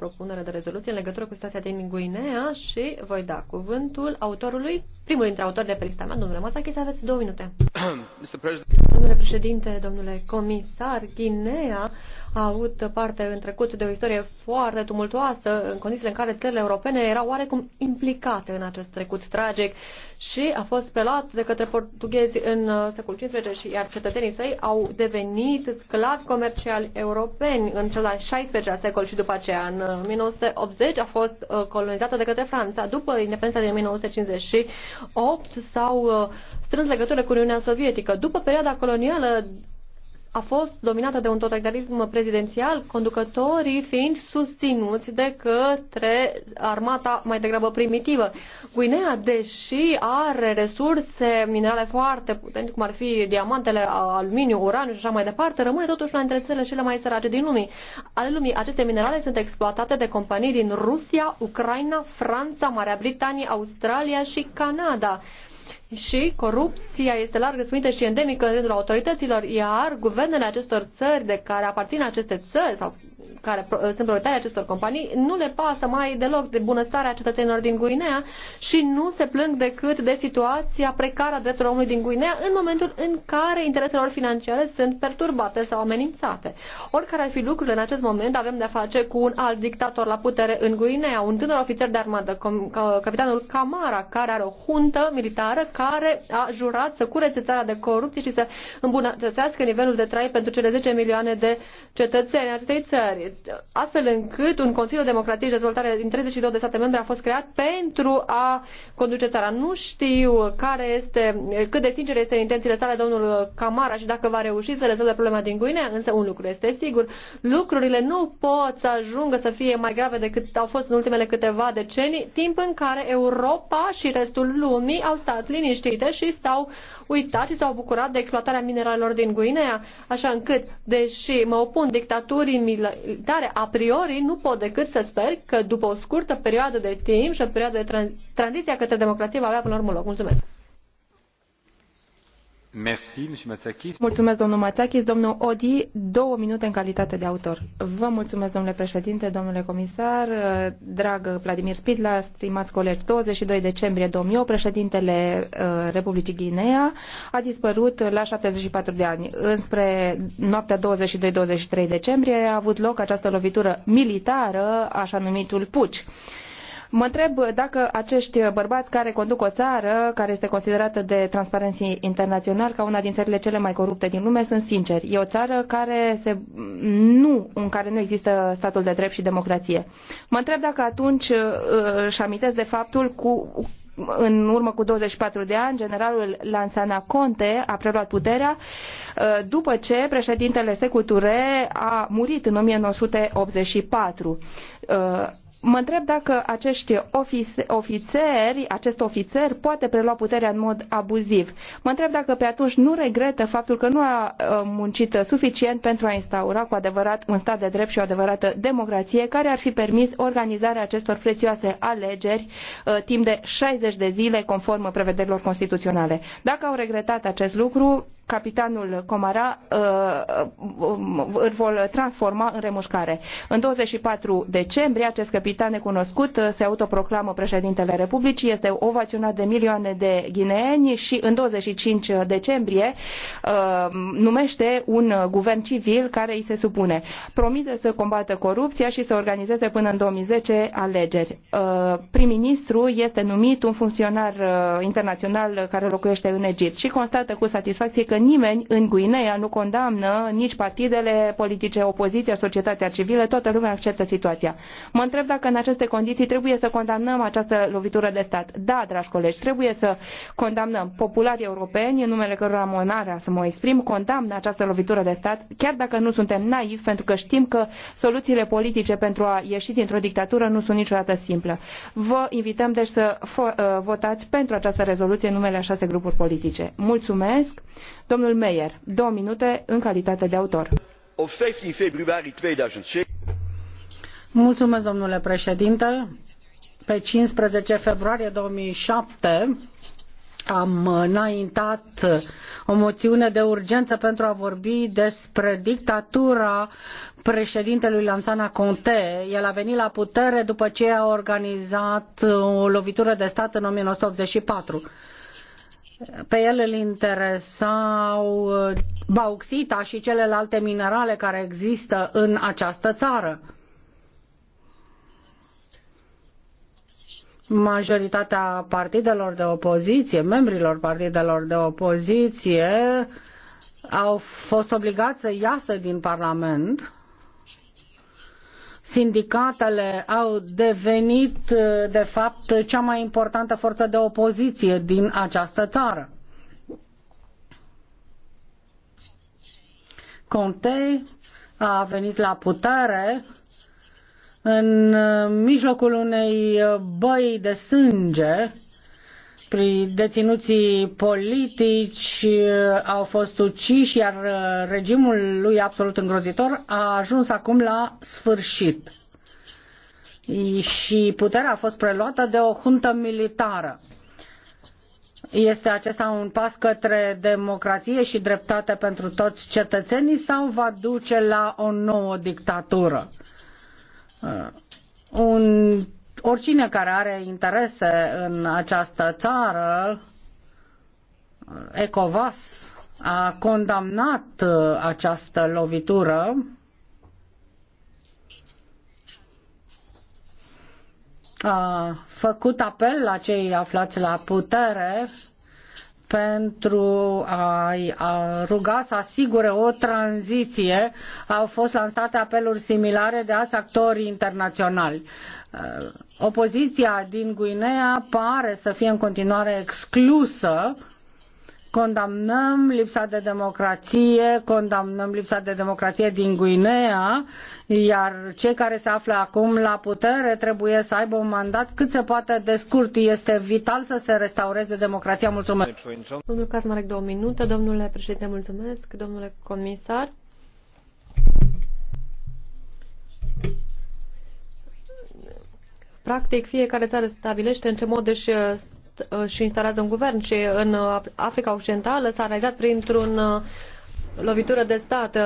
propunere de rezoluție în legătură cu situația din Guinea și voi da cuvântul autorului, primul dintre autori de pe lista mea, domnul să aveți două minute. Domnule președinte, domnule comisar, Guinea a avut parte în trecut de o istorie foarte tumultoasă, în condițiile în care țările europene erau oarecum implicate în acest trecut tragic și a fost preluat de către portughezi în uh, secolul XV și iar cetățenii săi au devenit sclavi comerciali europeni în cel al XVI-lea secol și după aceea în 1980 uh, a fost uh, colonizată de către Franța. După independența din 1958 s-au strâns legătură cu Uniunea Sovietică. După perioada colonială a fost dominată de un totalitarism prezidențial, conducătorii fiind susținuți de către armata mai degrabă primitivă. Guinea, deși are resurse minerale foarte puternice, cum ar fi diamantele, aluminiu, uraniu și așa mai departe, rămâne totuși una dintre țările cele mai sărace din lume. Ale lumii, aceste minerale sunt exploatate de companii din Rusia, Ucraina, Franța, Marea Britanie, Australia și Canada și corupția este larg răspândită și endemică în rândul autorităților, iar guvernele acestor țări de care aparțin aceste țări sau care sunt proprietari acestor companii nu le pasă mai deloc de bunăstarea cetățenilor din Guinea și nu se plâng decât de situația precară a drepturilor omului din Guinea în momentul în care interesele lor financiare sunt perturbate sau amenințate. Oricare ar fi lucrurile în acest moment, avem de-a face cu un alt dictator la putere în Guinea, un tânăr ofițer de armată, capitanul Camara, care are o huntă militară care a jurat să curețe țara de corupție și să îmbunătățească nivelul de trai pentru cele 10 milioane de cetățeni acestei țări țări, astfel încât un Consiliu Democrație și Dezvoltare din 32 de state membre a fost creat pentru a conduce țara. Nu știu care este, cât de sincer este intențiile sale domnul Camara și dacă va reuși să rezolve problema din Guinea, însă un lucru este sigur, lucrurile nu pot să ajungă să fie mai grave decât au fost în ultimele câteva decenii, timp în care Europa și restul lumii au stat liniștite și s-au uitat și s-au bucurat de exploatarea mineralelor din Guinea, așa încât, deși mă opun dictaturii dar a priori, nu pot decât să sper că după o scurtă perioadă de timp și o perioadă de tranziție către democrație va avea până la urmă loc. Mulțumesc! Mulțumesc, domnul Matsakis. Domnul Odi, două minute în calitate de autor. Vă mulțumesc, domnule președinte, domnule comisar, dragă Vladimir Spidla, stimați colegi. 22 decembrie 2008, președintele uh, Republicii Guinea a dispărut la 74 de ani. Înspre noaptea 22-23 decembrie a avut loc această lovitură militară, așa numitul puci Mă întreb dacă acești bărbați care conduc o țară, care este considerată de Transparency International ca una din țările cele mai corupte din lume, sunt sinceri. E o țară care se, nu, în care nu există statul de drept și democrație. Mă întreb dacă atunci uh, își amintesc de faptul cu în urmă cu 24 de ani, generalul Lansana Conte a preluat puterea uh, după ce președintele Secuture a murit în 1984 Mă întreb dacă acești ofițeri, acest ofițer poate prelua puterea în mod abuziv. Mă întreb dacă pe atunci nu regretă faptul că nu a ă, muncit suficient pentru a instaura cu adevărat un stat de drept și o adevărată democrație care ar fi permis organizarea acestor prețioase alegeri ă, timp de 60 de zile conform prevederilor constituționale. Dacă au regretat acest lucru, capitanul Comara uh, uh, îl vor transforma în remușcare. În 24 decembrie, acest capitan necunoscut uh, se autoproclamă președintele Republicii, este ovaționat de milioane de ghineeni și în 25 decembrie numește un guvern civil care îi se supune. Promite să combată corupția și să organizeze până în 2010 alegeri. Prim-ministru este numit un funcționar internațional care locuiește în Egipt și constată cu satisfacție că nimeni în Guineea nu condamnă nici partidele politice, opoziția, societatea civilă, toată lumea acceptă situația. Mă întreb dacă în aceste condiții trebuie să condamnăm această lovitură de stat. Da, dragi colegi, trebuie să condamnăm popularii europeni, în numele cărora am onoarea să mă exprim, condamnă această lovitură de stat, chiar dacă nu suntem naivi, pentru că știm că soluțiile politice pentru a ieși dintr-o dictatură nu sunt niciodată simple. Vă invităm deci să uh, votați pentru această rezoluție în numele a șase grupuri politice. Mulțumesc! Domnul Meyer, două minute în calitate de autor. Mulțumesc, domnule președinte. Pe 15 februarie 2007 am înaintat o moțiune de urgență pentru a vorbi despre dictatura președintelui Lansana Conte. El a venit la putere după ce a organizat o lovitură de stat în 1984 pe el îl interesau uh, bauxita și celelalte minerale care există în această țară. Majoritatea partidelor de opoziție, membrilor partidelor de opoziție, au fost obligați să iasă din Parlament Sindicatele au devenit, uh, de fapt, cea mai importantă forță de opoziție din această țară. Conte a venit la putere în uh, mijlocul unei uh, băi de sânge deținuții politici uh, au fost uciși, iar uh, regimul lui absolut îngrozitor a ajuns acum la sfârșit. Și puterea a fost preluată de o juntă militară. Este acesta un pas către democrație și dreptate pentru toți cetățenii sau va duce la o nouă dictatură? Uh, un oricine care are interese în această țară, ECOVAS a condamnat uh, această lovitură a făcut apel la cei aflați la putere pentru a-i ruga să asigure o tranziție au fost lansate apeluri similare de alți actori internaționali. Uh, opoziția din Guinea pare să fie în continuare exclusă condamnăm lipsa de democrație, condamnăm lipsa de democrație din Guinea, iar cei care se află acum la putere trebuie să aibă un mandat cât se poate de scurt. Este vital să se restaureze democrația. Mulțumesc. Domnul Casmarec, două minute. Domnule președinte, mulțumesc. Domnule comisar. Practic, fiecare țară stabilește în ce mod își uh, Uh, și instalează un guvern și în uh, Africa Occidentală s-a realizat printr-un uh, lovitură de stat.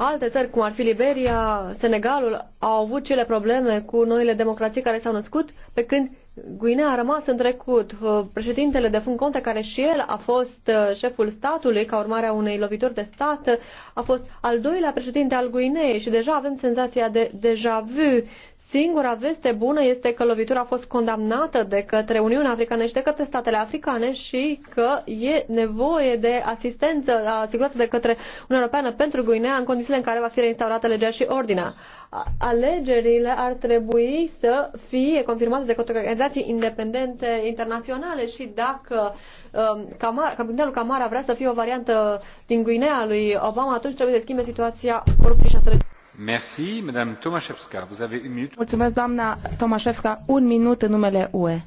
Alte țări, cum ar fi Liberia, Senegalul, au avut cele probleme cu noile democrații care s-au născut, pe când Guinea a rămas în trecut. Președintele de Fund Conte, care și el a fost șeful statului ca urmare a unei lovituri de stat, a fost al doilea președinte al Guineei și deja avem senzația de deja vu. Singura veste bună este că lovitura a fost condamnată de către Uniunea Africană și de către statele africane și că e nevoie de asistență asigurată de către Uniunea Europeană pentru Guinea în condițiile în care va fi reinstaurată legea și ordinea alegerile ar trebui să fie confirmate de către organizații independente internaționale și dacă um, Camara, capitanul Camara vrea să fie o variantă din Guinea lui Obama, atunci trebuie să schimbe situația corupției și a sărăciei. Merci, Madame Mulțumesc, doamna Tomaszewska. Un minut în numele UE.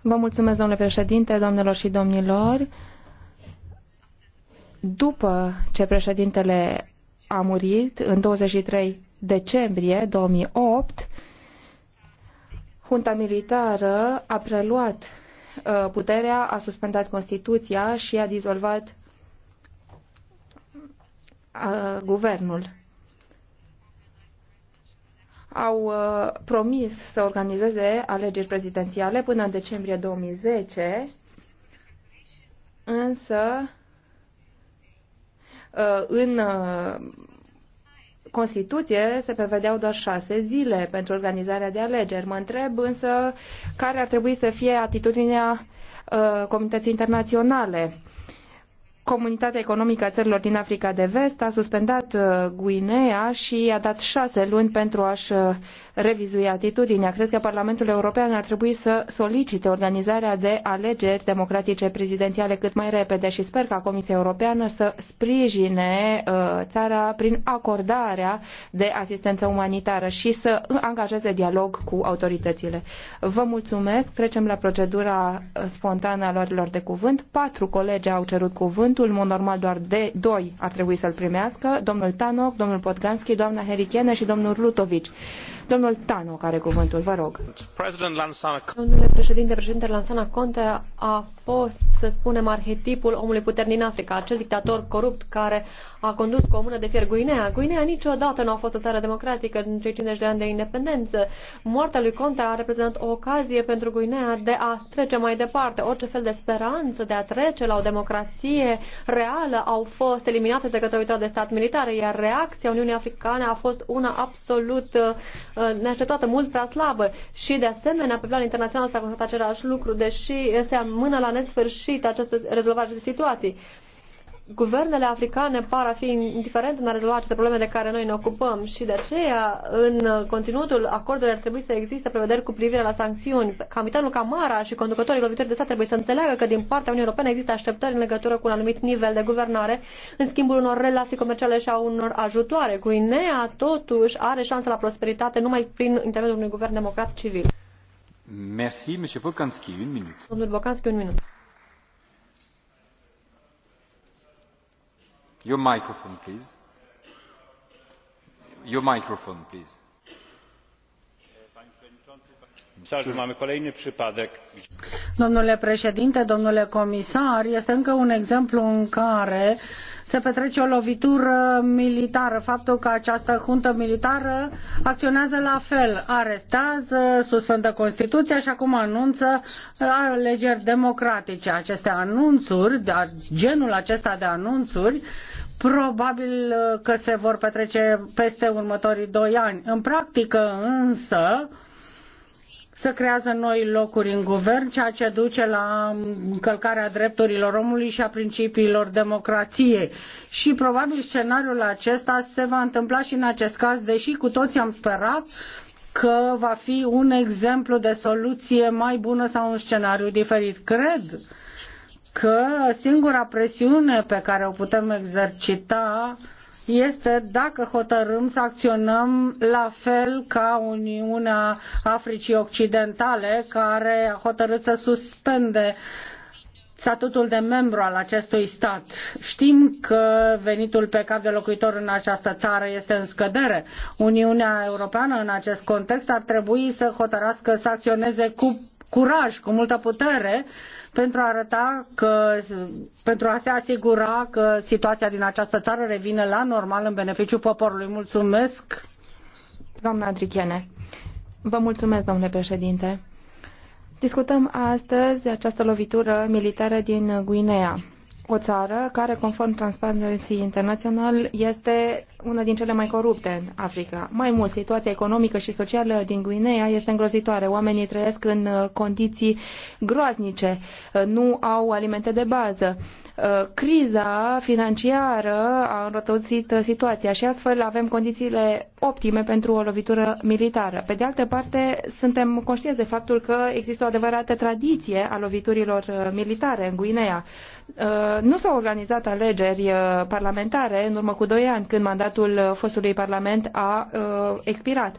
Vă mulțumesc, domnule președinte, doamnelor și domnilor. După ce președintele a murit în 23 decembrie 2008, junta militară a preluat uh, puterea, a suspendat Constituția și a dizolvat guvernul au promis să organizeze alegeri prezidențiale până în decembrie 2010, însă în Constituție se prevedeau doar șase zile pentru organizarea de alegeri. Mă întreb însă care ar trebui să fie atitudinea uh, comunității internaționale. Uh, Comunitatea economică a țărilor din Africa de Vest a suspendat uh, Guinea și a dat șase luni pentru a-și uh, revizui atitudinea. Cred că Parlamentul European ar trebui să solicite organizarea de alegeri democratice prezidențiale cât mai repede și sper ca Comisia Europeană să sprijine uh, țara prin acordarea de asistență umanitară și să angajeze dialog cu autoritățile. Vă mulțumesc. Trecem la procedura spontană a luărilor de cuvânt. Patru colegi au cerut cuvânt Parlamentul, în mod normal doar de doi ar trebui să-l primească, domnul Tanoc, domnul Podganski, doamna Herichene și domnul Rutovici. Domnul Tanoc care cuvântul, vă rog. Domnule președinte, președinte Lansana Conte a fost, să spunem, arhetipul omului puternic din Africa, acel dictator corupt care a condus cu o mână de fier Guinea. Guinea niciodată nu a fost o țară democratică în cei 50 de ani de independență. Moartea lui Conte a reprezentat o ocazie pentru Guinea de a trece mai departe. Orice fel de speranță de a trece la o democrație reală au fost eliminate de către viitoare de stat militare, iar reacția Uniunii Africane a fost una absolut uh, neașteptată, mult prea slabă. Și de asemenea, pe plan internațional s-a constatat același lucru, deși se amână la nesfârșit această rezolvare de situații guvernele africane par a fi indiferente în a rezolva aceste probleme de care noi ne ocupăm și de aceea în conținutul acordului ar trebui să existe prevederi cu privire la sancțiuni. Capitanul Camara și conducătorii lovitori de stat trebuie să înțeleagă că din partea Uniunii Europene există așteptări în legătură cu un anumit nivel de guvernare în schimbul unor relații comerciale și a unor ajutoare. Guinea totuși are șanse la prosperitate numai prin intermediul unui guvern democrat civil. Merci, Domnul Bocanski, un minut. Domnule președinte, domnule comisar, este încă un exemplu în care se petrece o lovitură militară. Faptul că această juntă militară acționează la fel, arestează, suspendă Constituția și acum anunță uh, alegeri democratice. Aceste anunțuri, genul acesta de anunțuri, probabil uh, că se vor petrece peste următorii doi ani. În practică însă, să creează noi locuri în guvern, ceea ce duce la încălcarea drepturilor omului și a principiilor democrației. Și probabil scenariul acesta se va întâmpla și în acest caz, deși cu toții am sperat că va fi un exemplu de soluție mai bună sau un scenariu diferit. Cred că singura presiune pe care o putem exercita este dacă hotărâm să acționăm la fel ca Uniunea Africii Occidentale, care a hotărât să suspende statutul de membru al acestui stat. Știm că venitul pe cap de locuitor în această țară este în scădere. Uniunea Europeană în acest context ar trebui să hotărască să acționeze cu curaj, cu multă putere, pentru a arăta că, pentru a se asigura că situația din această țară revine la normal în beneficiul poporului. Mulțumesc! Doamna Adrichene, vă mulțumesc, domnule președinte. Discutăm astăzi de această lovitură militară din Guinea o țară care, conform Transparency International, este una din cele mai corupte în Africa. Mai mult, situația economică și socială din Guinea este îngrozitoare. Oamenii trăiesc în uh, condiții groaznice, uh, nu au alimente de bază. Uh, criza financiară a înrătățit situația și astfel avem condițiile optime pentru o lovitură militară. Pe de altă parte, suntem conștienți de faptul că există o adevărată tradiție a loviturilor militare în Guinea Uh, nu s-au organizat alegeri uh, parlamentare în urmă cu doi ani, când mandatul fostului parlament a uh, expirat.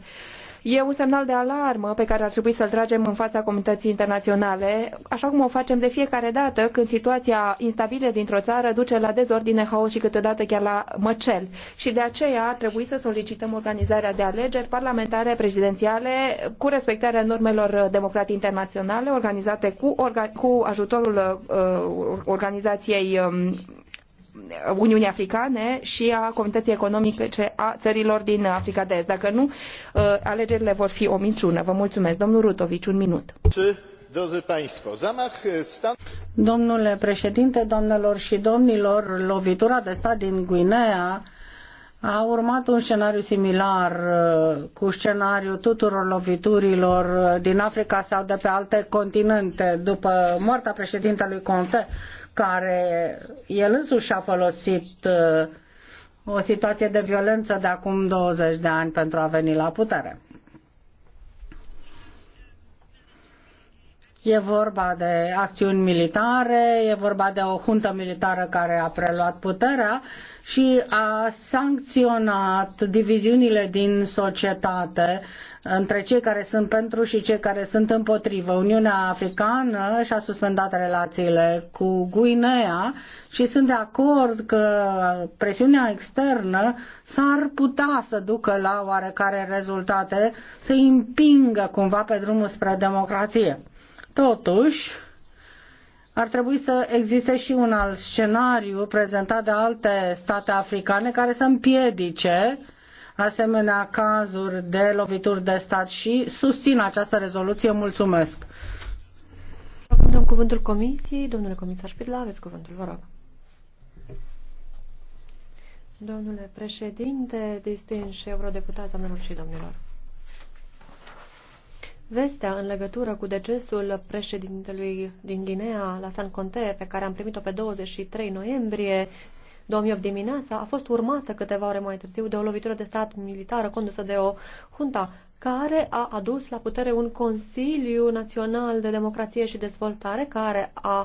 E un semnal de alarmă pe care ar trebui să-l tragem în fața comunității internaționale, așa cum o facem de fiecare dată când situația instabilă dintr-o țară duce la dezordine, haos și câteodată chiar la măcel. Și de aceea ar trebui să solicităm organizarea de alegeri parlamentare, prezidențiale, cu respectarea normelor democratice internaționale, organizate cu, orga, cu ajutorul uh, organizației um, Uniunii Africane și a Comunității Economice a țărilor din Africa de Est. Dacă nu, uh, alegerile vor fi o minciună. Vă mulțumesc. Domnul Rutovici, un minut. Domnule președinte, domnilor și domnilor, lovitura de stat din Guinea a urmat un scenariu similar cu scenariul tuturor loviturilor din Africa sau de pe alte continente după moartea președintelui Conte care el însuși a folosit uh, o situație de violență de acum 20 de ani pentru a veni la putere. E vorba de acțiuni militare, e vorba de o juntă militară care a preluat puterea și a sancționat diviziunile din societate între cei care sunt pentru și cei care sunt împotrivă. Uniunea Africană și-a suspendat relațiile cu Guinea și sunt de acord că presiunea externă s-ar putea să ducă la oarecare rezultate, să îi împingă cumva pe drumul spre democrație. Totuși, ar trebui să existe și un alt scenariu prezentat de alte state africane care să împiedice uh, asemenea cazuri de lovituri de stat și susțin această rezoluție. Mulțumesc! Acum dăm cuvântul comisiei. Domnule comisar Spidla, aveți cuvântul, vă rog. Domnule președinte, distinși eurodeputați, domnilor și domnilor. Vestea în legătură cu decesul președintelui din Guinea la San Conte, pe care am primit-o pe 23 noiembrie, 2008 dimineața a fost urmată câteva ore mai târziu de o lovitură de stat militară condusă de o junta care a adus la putere un Consiliu Național de Democrație și Dezvoltare care a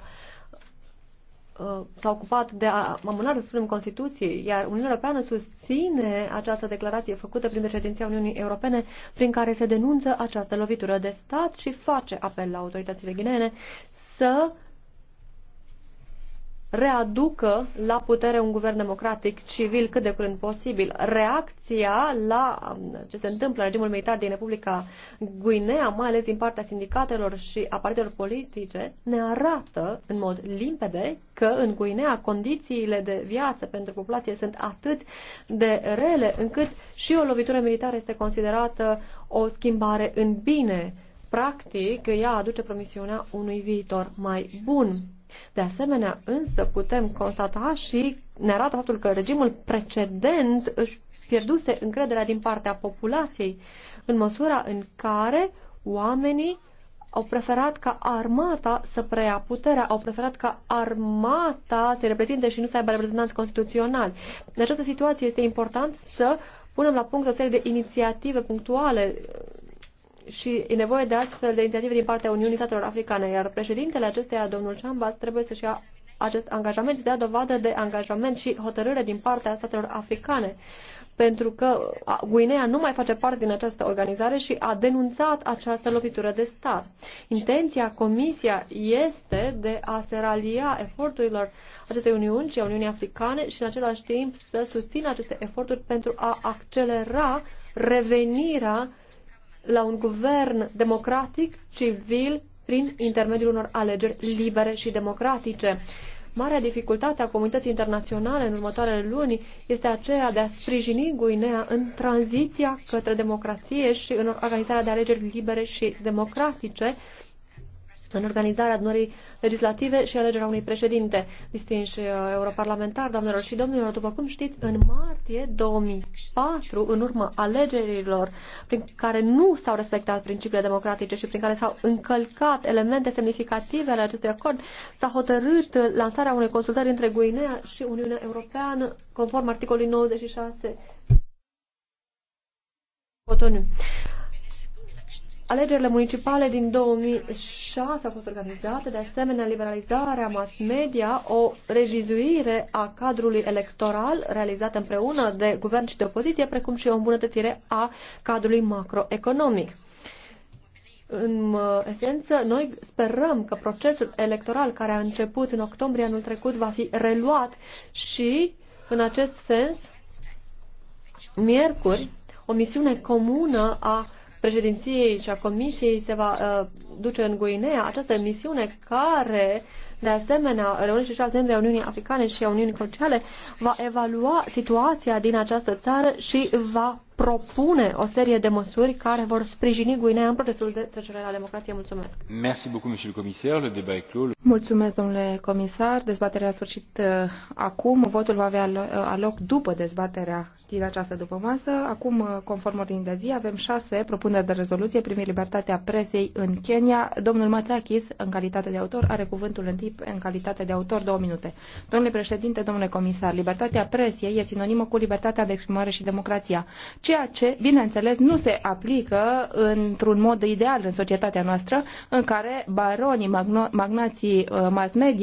uh, s-a ocupat de a amânarea, să spunem, Constituției, iar Uniunea Europeană susține această declarație făcută prin președinția Uniunii Europene, prin care se denunță această lovitură de stat și face apel la autoritățile ghinene să readucă la putere un guvern democratic civil cât de curând posibil. Reacția la um, ce se întâmplă în regimul militar din Republica Guinea, mai ales din partea sindicatelor și a partidelor politice, ne arată în mod limpede că în Guinea condițiile de viață pentru populație sunt atât de rele încât și o lovitură militară este considerată o schimbare în bine. Practic, ea aduce promisiunea unui viitor mai bun. De asemenea, însă putem constata și ne arată faptul că regimul precedent își pierduse încrederea din partea populației în măsura în care oamenii au preferat ca armata să preia puterea, au preferat ca armata să reprezinte și nu să aibă reprezentanți constituționali. În această situație este important să punem la punct o serie de inițiative punctuale și e nevoie de astfel de inițiative din partea Uniunii Statelor Africane, iar președintele acesteia, domnul Chambas, trebuie să-și ia acest angajament și dea dovadă de angajament și hotărâre din partea statelor africane pentru că Guinea nu mai face parte din această organizare și a denunțat această lovitură de stat. Intenția Comisia este de a se ralia eforturilor acestei Uniuni și a Uniunii Africane și în același timp să susțină aceste eforturi pentru a accelera revenirea la un guvern democratic, civil, prin intermediul unor alegeri libere și democratice. Marea dificultate a comunității internaționale în următoarele luni este aceea de a sprijini Guinea în tranziția către democrație și în organizarea de alegeri libere și democratice, în organizarea adunării legislative și alegerea unui președinte. Distinși uh, europarlamentar, doamnelor și domnilor, după cum știți, în martie 2004, în urma alegerilor prin care nu s-au respectat principiile democratice și prin care s-au încălcat elemente semnificative ale acestui acord, s-a hotărât lansarea unei consultări între Guinea și Uniunea Europeană, conform articolului 96. Cotonou. Alegerile municipale din 2006 au fost organizate, de asemenea liberalizarea mass media, o revizuire a cadrului electoral realizată împreună de guvern și de opoziție, precum și o îmbunătățire a cadrului macroeconomic. În uh, esență, noi sperăm că procesul electoral care a început în octombrie anul trecut va fi reluat și, în acest sens, miercuri, o misiune comună a președinției și a comisiei se va uh, duce în Guinea, această misiune care de asemenea, reunește și alți membri Uniunii Africane și a Uniunii Sociale, va evalua situația din această țară și va propune o serie de măsuri care vor sprijini Guinea în procesul de trecere la democrație. Mulțumesc. Merci beaucoup, monsieur le commissaire. Le débat est clos. Mulțumesc, domnule comisar. Dezbaterea a sfârșit uh, acum. Votul va avea uh, loc după dezbaterea din această după masă. Acum, uh, conform ordinii de zi, avem șase propuneri de rezoluție privind libertatea presei în Kenya. Domnul Matakis, în calitate de autor, are cuvântul în tip în calitate de autor două minute. Domnule președinte, domnule comisar, libertatea presiei e sinonimă cu libertatea de exprimare și democrația ceea ce, bineînțeles, nu se aplică într-un mod ideal în societatea noastră, în care baronii, magnații uh, mass media,